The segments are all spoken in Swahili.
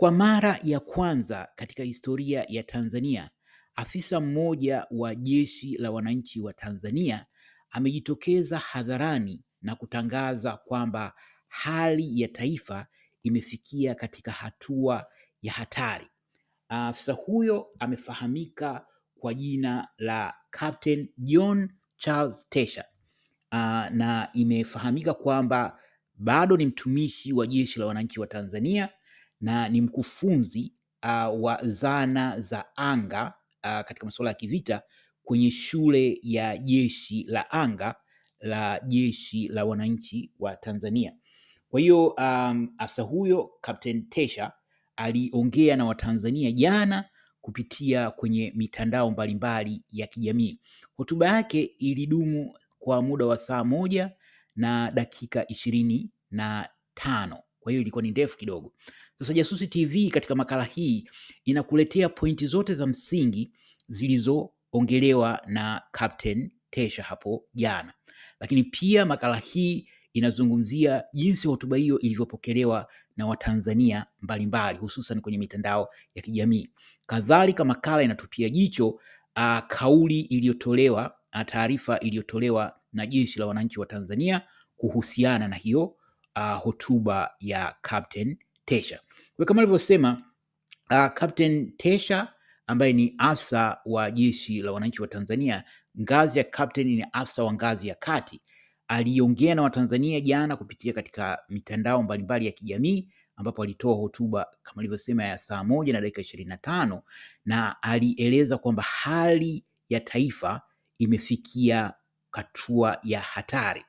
Kwa mara ya kwanza katika historia ya Tanzania, afisa mmoja wa Jeshi la Wananchi wa Tanzania amejitokeza hadharani na kutangaza kwamba hali ya taifa imefikia katika hatua ya hatari. Afisa huyo amefahamika kwa jina la Captain John Charles Tesha, na imefahamika kwamba bado ni mtumishi wa Jeshi la Wananchi wa Tanzania na ni mkufunzi uh, wa zana za anga uh, katika masuala ya kivita kwenye shule ya jeshi la anga la jeshi la wananchi wa Tanzania. Kwa hiyo um, afisa huyo Captain Tesha aliongea na Watanzania jana kupitia kwenye mitandao mbalimbali mbali ya kijamii. Hotuba yake ilidumu kwa muda wa saa moja na dakika ishirini na tano. Kwa hiyo ilikuwa ni ndefu kidogo. Sasa Jasusi TV katika makala hii inakuletea pointi zote za msingi zilizoongelewa na Captain Tesha hapo jana, lakini pia makala hii inazungumzia jinsi hotuba hiyo ilivyopokelewa na Watanzania mbalimbali hususan kwenye mitandao ya kijamii. Kadhalika, makala inatupia jicho uh, kauli iliyotolewa uh, taarifa iliyotolewa na jeshi la wananchi wa Tanzania kuhusiana na hiyo uh, hotuba ya Captain Tesha. Kama alivyosema uh, Captain Tesha ambaye ni afsa wa jeshi la wananchi wa Tanzania ngazi ya captain, ni afsa wa ngazi ya kati, aliongea na Watanzania jana kupitia katika mitandao mbalimbali ya kijamii, ambapo alitoa hotuba kama alivyosema ya saa moja na dakika ishirini na tano na alieleza kwamba hali ya taifa imefikia hatua ya hatari,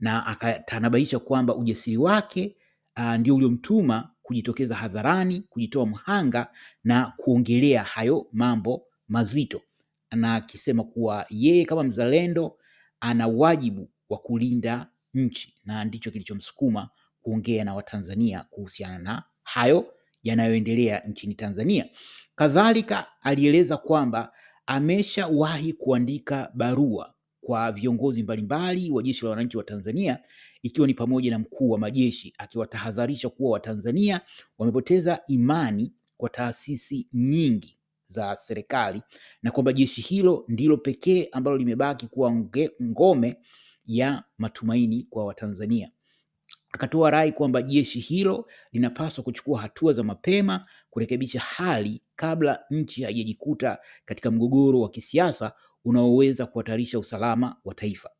na akatanabaisha kwamba ujasiri wake uh, ndio uliomtuma kujitokeza hadharani, kujitoa mhanga na kuongelea hayo mambo mazito, na akisema kuwa yeye kama mzalendo ana wajibu wa kulinda nchi, na ndicho kilichomsukuma kuongea na Watanzania kuhusiana na hayo yanayoendelea nchini Tanzania. Kadhalika alieleza kwamba ameshawahi kuandika barua kwa viongozi mbalimbali wa Jeshi la Wananchi wa Tanzania ikiwa ni pamoja na mkuu wa majeshi akiwatahadharisha kuwa Watanzania wamepoteza imani kwa taasisi nyingi za serikali na kwamba jeshi hilo ndilo pekee ambalo limebaki kuwa nge, ngome ya matumaini kwa Watanzania. Akatoa rai kwamba jeshi hilo linapaswa kuchukua hatua za mapema kurekebisha hali kabla nchi haijajikuta katika mgogoro wa kisiasa unaoweza kuhatarisha usalama wa taifa.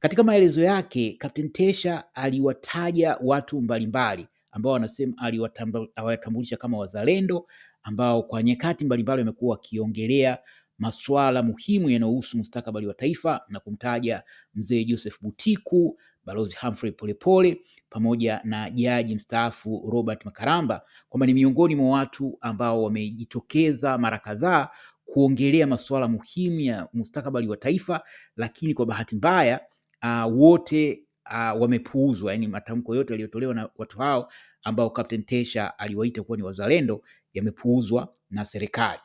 Katika maelezo yake, Kapteni Tesha aliwataja watu mbalimbali ambao anasema aliwatambulisha kama wazalendo ambao kwa nyakati mbalimbali wamekuwa wakiongelea masuala muhimu yanayohusu mustakabali wa taifa na kumtaja mzee Joseph Butiku, Balozi Humphrey Polepole pamoja na jaji mstaafu Robert Makaramba kwamba ni miongoni mwa watu ambao wamejitokeza mara kadhaa kuongelea masuala muhimu ya mustakabali wa taifa, lakini kwa bahati mbaya uh, wote uh, wamepuuzwa. Yani matamko yote yaliyotolewa na watu hao ambao Captain Tesha aliwaita kuwa ni wazalendo yamepuuzwa na serikali.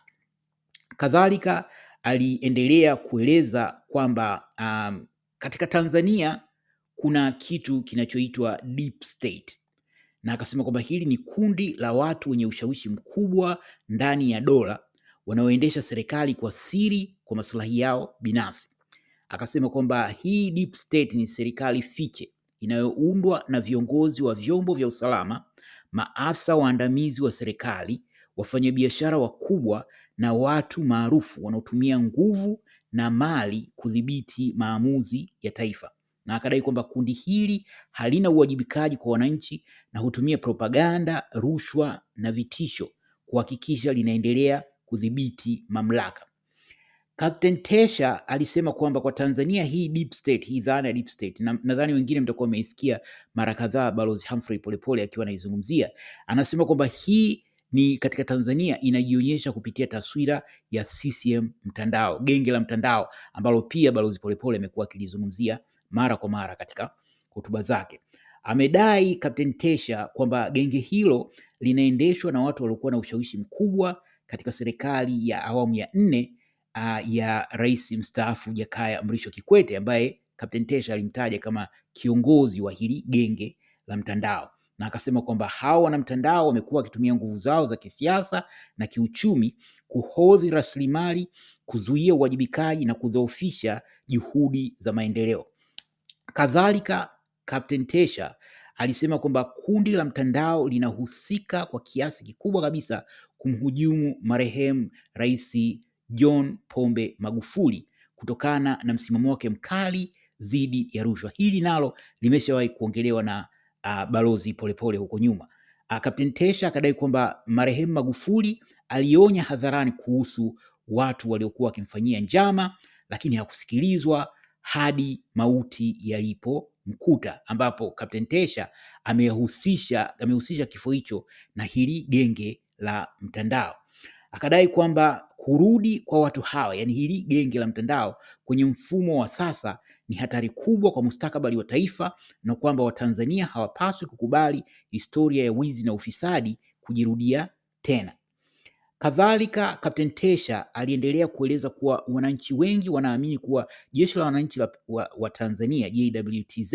Kadhalika aliendelea kueleza kwamba um, katika Tanzania kuna kitu kinachoitwa deep state na akasema kwamba hili ni kundi la watu wenye ushawishi mkubwa ndani ya dola wanaoendesha serikali kwa siri kwa maslahi yao binafsi. Akasema kwamba hii deep state ni serikali fiche inayoundwa na viongozi wa vyombo vya usalama, maafisa waandamizi wa serikali, wafanyabiashara wakubwa na watu maarufu wanaotumia nguvu na mali kudhibiti maamuzi ya taifa, na akadai kwamba kundi hili halina uwajibikaji kwa wananchi na hutumia propaganda, rushwa na vitisho kuhakikisha linaendelea kudhibiti mamlaka. Captain Tesha alisema kwamba kwa Tanzania hii deep state, hii dhana ya deep state, nadhani wengine mtakuwa wameisikia mara kadhaa Balozi Humphrey Polepole akiwa anaizungumzia, anasema kwamba hii ni katika Tanzania inajionyesha kupitia taswira ya CCM mtandao, genge la mtandao ambalo pia Balozi Polepole amekuwa akilizungumzia mara kwa mara katika hotuba zake. Amedai Captain Tesha kwamba genge hilo linaendeshwa na watu waliokuwa na ushawishi mkubwa katika serikali ya awamu ya nne uh, ya rais mstaafu Jakaya Mrisho Kikwete ambaye Kapteni Tesha alimtaja kama kiongozi wa hili genge la mtandao na akasema kwamba hawa wanamtandao wamekuwa wakitumia nguvu zao za kisiasa na kiuchumi kuhodhi rasilimali, kuzuia uwajibikaji na kudhoofisha juhudi za maendeleo. Kadhalika, Kapteni Tesha alisema kwamba kundi la mtandao linahusika kwa kiasi kikubwa kabisa kumhujumu marehemu Rais John Pombe Magufuli kutokana na msimamo wake mkali dhidi ya rushwa. Hili nalo limeshawahi kuongelewa na uh, Balozi Polepole huko nyuma. Uh, Kapteni Tesha akadai kwamba marehemu Magufuli alionya hadharani kuhusu watu waliokuwa wakimfanyia njama, lakini hakusikilizwa hadi mauti yalipo mkuta ambapo Kapteni Tesha amehusisha amehusisha kifo hicho na hili genge la mtandao. Akadai kwamba kurudi kwa watu hawa, yani hili genge la mtandao, kwenye mfumo wa sasa ni hatari kubwa kwa mustakabali wa taifa na kwamba Watanzania hawapaswi kukubali historia ya wizi na ufisadi kujirudia tena. Kadhalika, Kapteni Tesha aliendelea kueleza kuwa wananchi wengi wanaamini kuwa Jeshi la Wananchi wa, wa Tanzania JWTZ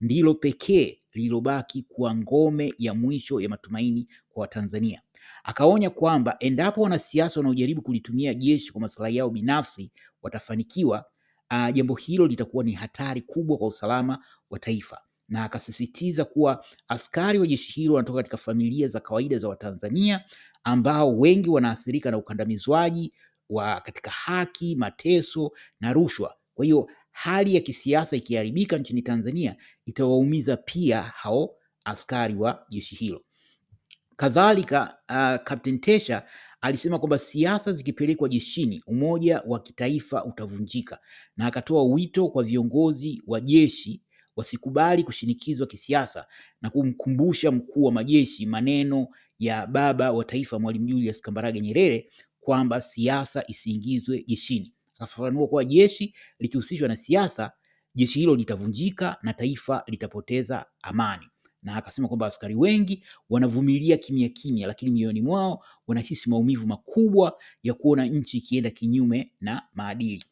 ndilo pekee lililobaki kuwa ngome ya mwisho ya matumaini kwa Watanzania. Akaonya kwamba endapo wanasiasa wanaojaribu kulitumia jeshi kwa maslahi yao binafsi watafanikiwa, uh, jambo hilo litakuwa ni hatari kubwa kwa usalama wa taifa, na akasisitiza kuwa askari wa jeshi hilo wanatoka katika familia za kawaida za Watanzania ambao wengi wanaathirika na ukandamizwaji wa katika haki, mateso na rushwa. Kwa hiyo hali ya kisiasa ikiharibika nchini Tanzania itawaumiza pia hao askari wa jeshi hilo. Kadhalika uh, Captain Tesha alisema kwamba siasa zikipelekwa jeshini umoja wa kitaifa utavunjika, na akatoa wito kwa viongozi wa jeshi wasikubali kushinikizwa kisiasa na kumkumbusha mkuu wa majeshi maneno ya baba wa taifa Mwalimu Julius Kambarage Nyerere kwamba siasa isiingizwe jeshini. Akafafanua kuwa jeshi likihusishwa na siasa, jeshi hilo litavunjika na taifa litapoteza amani na akasema kwamba askari wengi wanavumilia kimya kimya, lakini mioyoni mwao wanahisi maumivu makubwa ya kuona nchi ikienda kinyume na maadili.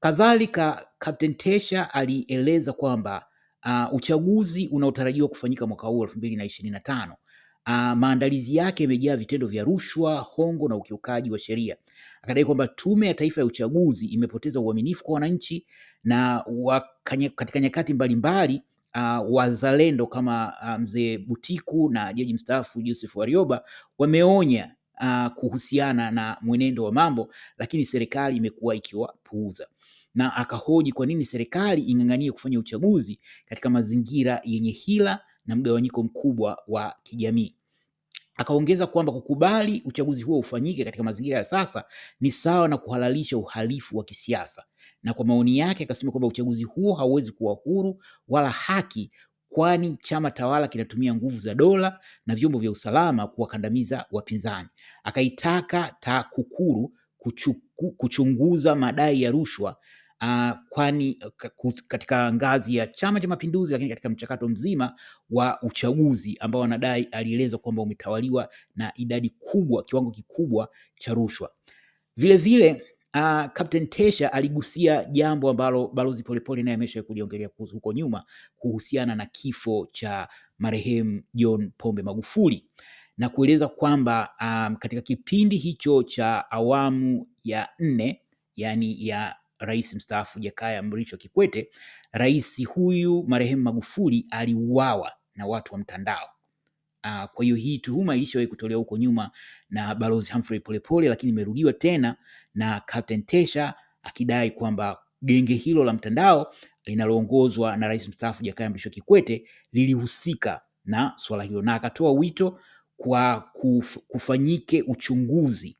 Kadhalika, Captain Tesha alieleza kwamba uh, uchaguzi unaotarajiwa kufanyika mwaka huu elfu mbili na ishirini na tano Uh, maandalizi yake yamejaa vitendo vya rushwa, hongo na ukiukaji wa sheria. Akadai kwamba Tume ya Taifa ya Uchaguzi imepoteza uaminifu kwa wananchi na katika nyakati mbalimbali uh, wazalendo kama uh, mzee Butiku na jaji mstaafu Joseph Warioba wameonya uh, kuhusiana na mwenendo wa mambo, lakini serikali imekuwa ikiwapuuza na akahoji kwa nini serikali ing'ang'anie kufanya uchaguzi katika mazingira yenye hila na mgawanyiko mkubwa wa kijamii. Akaongeza kwamba kukubali uchaguzi huo ufanyike katika mazingira ya sasa ni sawa na kuhalalisha uhalifu wa kisiasa na kwa maoni yake akasema kwamba uchaguzi huo hauwezi kuwa huru wala haki, kwani chama tawala kinatumia nguvu za dola na vyombo vya usalama kuwakandamiza wapinzani. Akaitaka TAKUKURU kuchuku, kuchunguza madai ya rushwa Uh, kwani katika ngazi ya Chama cha Mapinduzi, lakini katika mchakato mzima wa uchaguzi ambao wanadai, alieleza kwamba umetawaliwa na idadi kubwa, kiwango kikubwa cha rushwa. Vilevile Uh, Captain Tesha aligusia jambo ambalo Balozi Polepole naye amesha kuliongelea huko nyuma kuhusiana na kifo cha marehemu John Pombe Magufuli na kueleza kwamba um, katika kipindi hicho cha awamu ya nne yani ya rais mstaafu Jakaya Mrisho Kikwete, rais huyu marehemu Magufuli aliuawa na watu wa mtandao. Uh, kwa hiyo hii tuhuma ilishawahi kutolewa huko nyuma na Balozi Humphrey Polepole, lakini imerudiwa tena na Captain Tesha akidai kwamba genge hilo la mtandao linaloongozwa na Rais mstaafu Jakaya Mrisho Kikwete lilihusika na swala hilo, na akatoa wito kwa kuf, kufanyike uchunguzi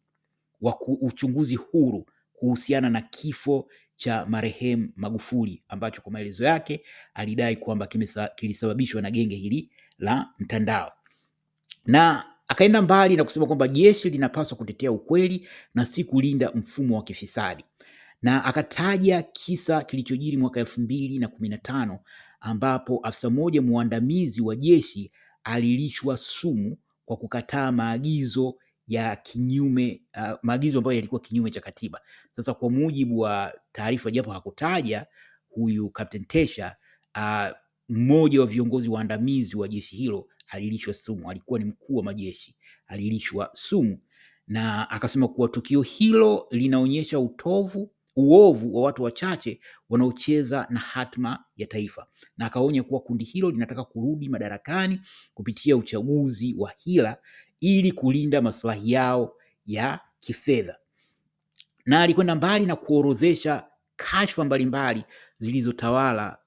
wa uchunguzi huru kuhusiana na kifo cha marehemu Magufuli ambacho kwa maelezo yake alidai kwamba kilisababishwa na genge hili la mtandao na Akaenda mbali na kusema kwamba jeshi linapaswa kutetea ukweli na si kulinda mfumo wa kifisadi, na akataja kisa kilichojiri mwaka elfu mbili na kumi na tano ambapo afisa mmoja mwandamizi wa jeshi alilishwa sumu kwa kukataa maagizo ya kinyume uh, maagizo ambayo yalikuwa kinyume cha katiba. Sasa kwa mujibu wa taarifa, japo hakutaja huyu Captain Tesha, ah, mmoja wa viongozi waandamizi wa jeshi hilo alilishwa sumu, alikuwa ni mkuu wa majeshi, alilishwa sumu, na akasema kuwa tukio hilo linaonyesha utovu uovu wa watu wachache wanaocheza na hatma ya taifa, na akaonya kuwa kundi hilo linataka kurudi madarakani kupitia uchaguzi wa hila ili kulinda maslahi yao ya kifedha. Na alikwenda mbali na kuorodhesha kashfa mbalimbali zilizotawala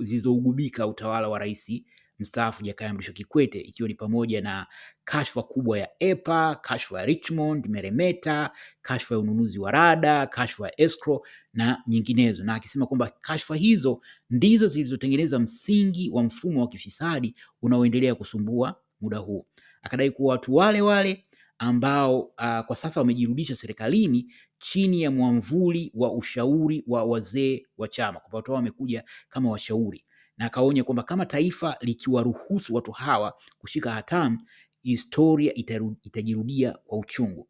zilizougubika utawala wa Rais mstaafu Jakaya Mrisho Kikwete, ikiwa ni pamoja na kashfa kubwa ya EPA, kashfa ya Richmond Meremeta, kashfa ya ununuzi wa rada, kashfa ya escrow na nyinginezo, na akisema kwamba kashfa hizo ndizo zilizotengeneza msingi wa mfumo wa kifisadi unaoendelea kusumbua muda huu. Akadai kuwa watu wale wale ambao uh, kwa sasa wamejirudisha serikalini chini ya mwamvuli wa ushauri wa wazee wa chama, kwa sababu wamekuja kama washauri na akaonya kwamba kama taifa likiwaruhusu watu hawa kushika hatamu, historia itajirudia kwa uchungu.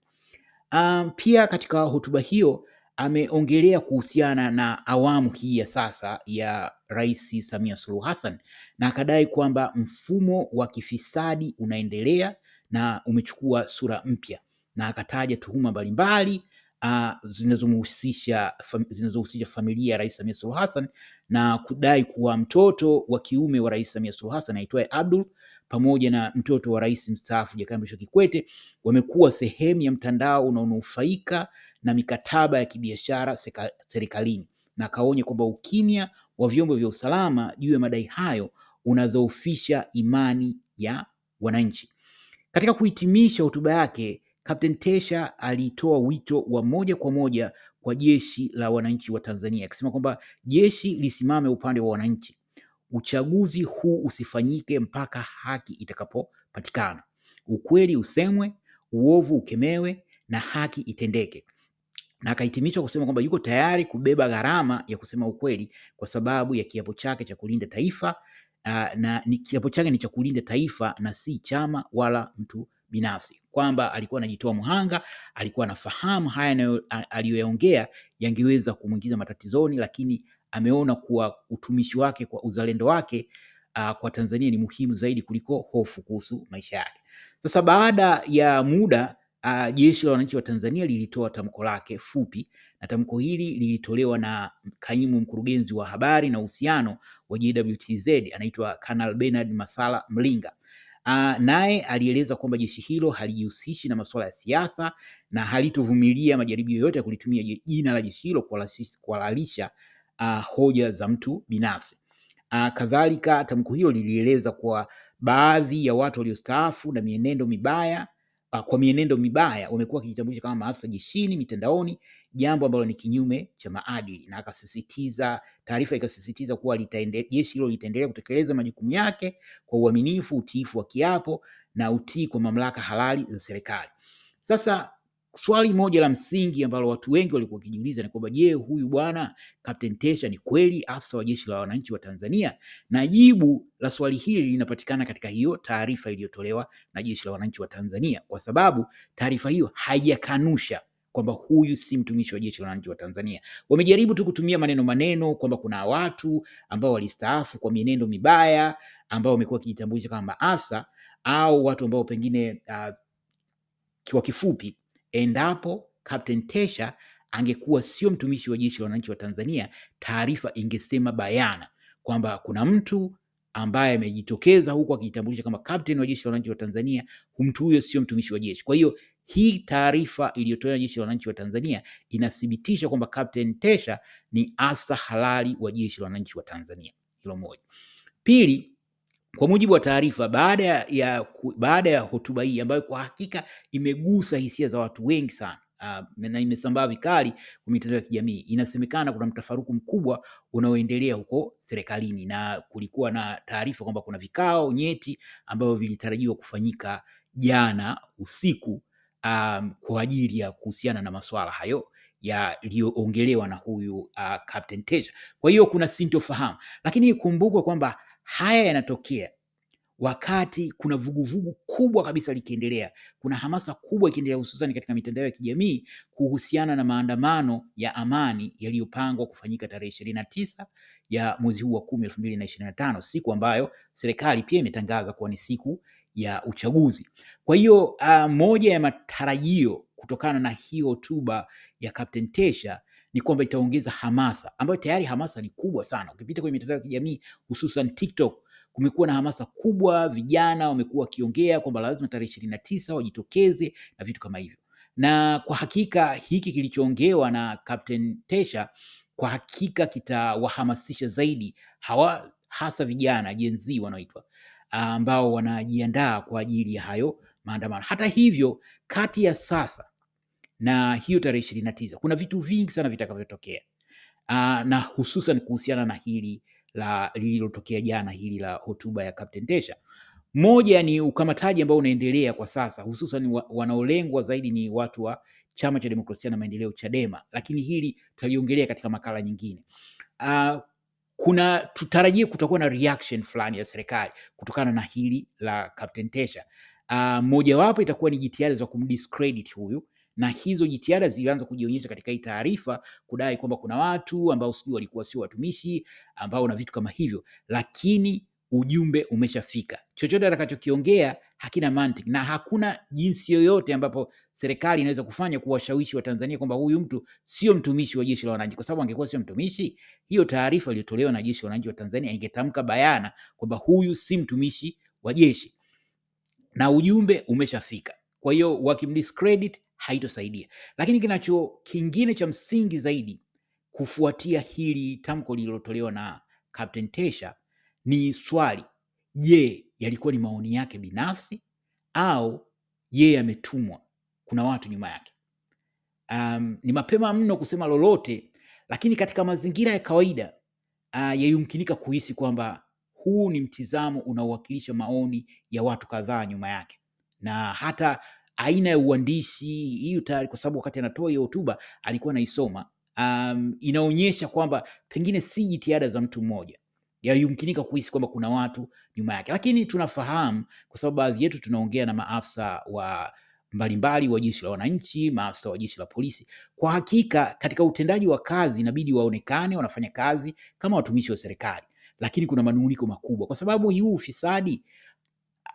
Um, pia katika hotuba hiyo ameongelea kuhusiana na awamu hii ya sasa ya Rais Samia Suluhu Hassan na akadai kwamba mfumo wa kifisadi unaendelea na umechukua sura mpya, na akataja tuhuma mbalimbali uh, zinazomhusisha fam, zinazohusisha familia ya Rais Samia Suluhu Hassan na kudai kuwa mtoto wa kiume wa Rais Samia Suluhu Hassan aitwaye Abdul pamoja na mtoto wa rais mstaafu Jakaya Mrisho Kikwete wamekuwa sehemu ya mtandao unaonufaika na mikataba ya kibiashara serikalini, na akaonya kwamba ukimya wa vyombo vya usalama juu ya madai hayo unadhoofisha imani ya wananchi. Katika kuhitimisha hotuba yake, Kapteni Tesha alitoa wito wa moja kwa moja kwa jeshi la wananchi wa Tanzania akisema kwamba jeshi lisimame upande wa wananchi, uchaguzi huu usifanyike mpaka haki itakapopatikana, ukweli usemwe, uovu ukemewe na haki itendeke. Na akahitimisha kusema kwamba yuko tayari kubeba gharama ya kusema ukweli kwa sababu ya kiapo chake cha kulinda taifa, na ni kiapo chake ni cha kulinda taifa na si chama wala mtu binafsi kwamba alikuwa anajitoa mhanga, alikuwa anafahamu haya aliyoyaongea yangeweza kumwingiza matatizoni, lakini ameona kuwa utumishi wake kwa uzalendo wake uh, kwa Tanzania ni muhimu zaidi kuliko hofu kuhusu maisha yake. Sasa baada ya muda uh, jeshi la wananchi wa Tanzania lilitoa tamko lake fupi, na tamko hili lilitolewa na kaimu mkurugenzi wa habari na uhusiano wa JWTZ anaitwa Kanal Bernard Masala Mlinga Uh, naye alieleza kwamba jeshi hilo halijihusishi na masuala ya siasa na halitovumilia majaribio yoyote ya kulitumia jina la jeshi hilo kuhalalisha uh, ah, hoja za mtu binafsi. Uh, kadhalika tamko hilo lilieleza kwa baadhi ya watu waliostaafu na mienendo mibaya uh, kwa mienendo mibaya wamekuwa wakijitambulisha kama maafisa jeshini mitandaoni jambo ambalo ni kinyume cha maadili, na akasisitiza, taarifa ikasisitiza kuwa jeshi hilo litaendelea kutekeleza majukumu yake kwa uaminifu, utiifu wa kiapo na utii kwa mamlaka halali za serikali. Sasa swali moja la msingi ambalo watu wengi walikuwa wakijiuliza ni kwamba je, huyu bwana Kapteni Tesha ni kweli afisa wa jeshi la wananchi wa Tanzania? Na jibu la swali hili linapatikana katika hiyo taarifa iliyotolewa na jeshi la wananchi wa Tanzania, kwa sababu taarifa hiyo haijakanusha kwamba huyu si mtumishi wa jeshi la wananchi wa Tanzania. Wamejaribu tu kutumia maneno maneno kwamba kuna watu ambao walistaafu kwa mienendo mibaya ambao wamekuwa wakijitambulisha kama maasa au watu ambao pengine uh, kwa kifupi, endapo Captain Tesha angekuwa sio mtumishi wa jeshi la wananchi wa Tanzania, taarifa ingesema bayana kwamba kuna mtu ambaye amejitokeza huku akijitambulisha kama captain wa jeshi la wananchi wa Tanzania. Mtu huyo sio mtumishi wa jeshi. Kwa hiyo hii taarifa iliyotolewa jeshi la wananchi wa Tanzania inathibitisha kwamba Captain Tesha ni asa halali wa jeshi la wananchi wa Tanzania. Hilo moja. Pili, kwa mujibu wa taarifa, baada ya, baada ya hotuba hii ambayo kwa hakika imegusa hisia za watu wengi sana Uh, na imesambaa vikali kwa mitandao ya kijamii. Inasemekana kuna mtafaruku mkubwa unaoendelea huko serikalini, na kulikuwa na taarifa kwamba kuna vikao nyeti ambavyo vilitarajiwa kufanyika jana usiku um, kwa ajili ya kuhusiana na masuala hayo yaliyoongelewa na huyu uh, Captain Teja. Kwa hiyo kuna sintofahamu, lakini ikumbukwe kwamba haya yanatokea wakati kuna vuguvugu vugu kubwa kabisa likiendelea, kuna hamasa kubwa ikiendelea, hususan katika mitandao ya kijamii kuhusiana na maandamano ya amani yaliyopangwa kufanyika tarehe ishirini na tisa ya mwezi huu wa kumi elfu mbili na ishirini na tano, siku ambayo serikali pia imetangaza kuwa ni siku ya uchaguzi. Kwa hiyo uh, moja ya matarajio kutokana na hiyo hotuba ya Captain Tesha ni kwamba itaongeza hamasa ambayo tayari hamasa ni kubwa sana. Ukipita kwenye mitandao ya kijamii hususan TikTok, kumekuwa na hamasa kubwa, vijana wamekuwa wakiongea kwamba lazima tarehe ishirini na tisa wajitokeze na vitu kama hivyo, na kwa hakika hiki kilichoongewa na Captain Tesha kwa hakika kitawahamasisha zaidi hawa hasa vijana Gen Z wanaoitwa ambao wanajiandaa kwa ajili ya hayo maandamano. Hata hivyo, kati ya sasa na hiyo tarehe ishirini na tisa kuna vitu vingi sana vitakavyotokea, ah, na hususan kuhusiana na hili la lililotokea jana, hili la hotuba ya Captain Tesha. Moja ni ukamataji ambao unaendelea kwa sasa, hususan wanaolengwa zaidi ni watu wa Chama cha Demokrasia na Maendeleo, Chadema, lakini hili tutaliongelea katika makala nyingine. Uh, kuna tutarajie kutakuwa na reaction fulani ya serikali kutokana na hili la Captain Tesha. Uh, ah, mojawapo itakuwa ni jitihada za kumdiscredit huyu, na hizo jitihada zilianza kujionyesha katika hii taarifa kudai kwamba kuna watu ambao sijui walikuwa sio watumishi ambao na vitu kama hivyo, lakini ujumbe umeshafika. Chochote atakachokiongea hakina mantiki na hakuna jinsi yoyote ambapo serikali inaweza kufanya kuwashawishi Watanzania kwamba huyu mtu sio mtumishi wa jeshi la wananchi, kwa sababu angekuwa sio mtumishi, hiyo taarifa iliyotolewa na jeshi la wananchi wa Tanzania ingetamka bayana kwamba huyu si mtumishi wa jeshi na ujumbe umeshafika. Kwa hiyo wakimdiscredit haitosaidia, lakini kinacho kingine cha msingi zaidi kufuatia hili tamko lililotolewa na Captain Tesha ni swali, je, yalikuwa ni maoni yake binafsi au yeye ametumwa, kuna watu nyuma yake? Um, ni mapema mno kusema lolote, lakini katika mazingira ya kawaida uh, yayumkinika kuhisi kwamba huu ni mtizamo unaowakilisha maoni ya watu kadhaa nyuma yake na hata aina ya uandishi hiyo tayari, kwa sababu wakati anatoa hiyo hotuba alikuwa anaisoma. Um, inaonyesha kwamba pengine si jitihada za mtu mmoja yayumkinika kuhisi kwamba kuna watu nyuma yake, lakini tunafahamu kwa sababu baadhi yetu tunaongea na maafisa wa mbalimbali wa jeshi la wananchi, maafisa wa jeshi la polisi. Kwa hakika, katika utendaji wa kazi inabidi waonekane wanafanya kazi kama watumishi wa serikali, lakini kuna manunguniko makubwa kwa sababu huu ufisadi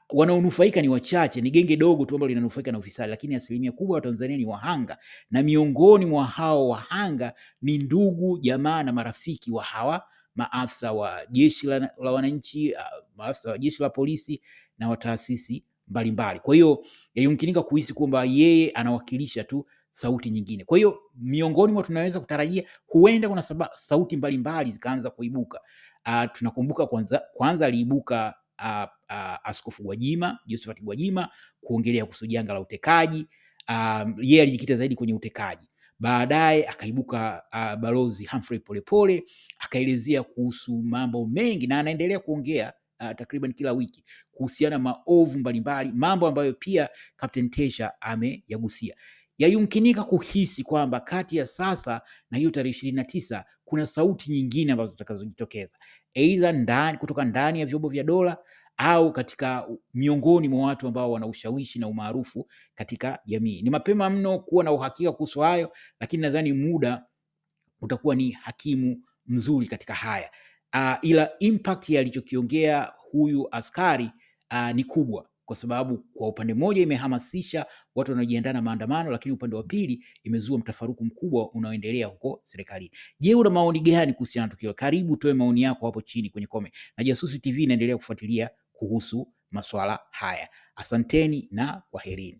wanaonufaika ni wachache, ni genge dogo tu ambalo linanufaika na ufisadi, lakini asilimia kubwa ya Watanzania ni wahanga, na miongoni mwa hao wahanga ni ndugu, jamaa na marafiki wa hawa maafisa wa jeshi la, la wananchi, maafisa wa jeshi la polisi na wa taasisi mbalimbali. Kwa hiyo yayumkinika kuhisi kwamba yeye anawakilisha tu sauti nyingine. Kwa hiyo miongoni mwa tunaweza kutarajia huenda kuna saba, sauti mbalimbali zikaanza kuibuka. Uh, tunakumbuka kwanza, kwanza aliibuka uh, uh, Askofu Gwajima, Josephat Gwajima kuongelea kuhusu janga la utekaji. Um, yeye alijikita zaidi kwenye utekaji. Baadaye akaibuka uh, Balozi Humphrey Polepole akaelezea kuhusu mambo mengi na anaendelea kuongea uh, takriban kila wiki kuhusiana maovu mbalimbali, mambo ambayo pia Captain Tesha ameyagusia. Yayumkinika kuhisi kwamba kati ya sasa na hiyo tarehe ishirini na tisa kuna sauti nyingine ambazo zitakazojitokeza aidha ndani, kutoka ndani ya vyombo vya dola au katika miongoni mwa watu ambao wana ushawishi na umaarufu katika jamii. Ni mapema mno kuwa na uhakika kuhusu hayo, lakini nadhani muda utakuwa ni hakimu mzuri katika haya uh, ila impact ya alichokiongea huyu askari uh, ni kubwa kwa sababu kwa upande mmoja imehamasisha watu wanaojiandaa na maandamano, lakini upande wa pili imezua mtafaruku mkubwa unaoendelea huko serikalini. Je, una maoni gani kuhusiana na tukio? Karibu toe maoni yako hapo chini kwenye comment, na Jasusi TV inaendelea kufuatilia kuhusu masuala haya. Asanteni na kwaherini.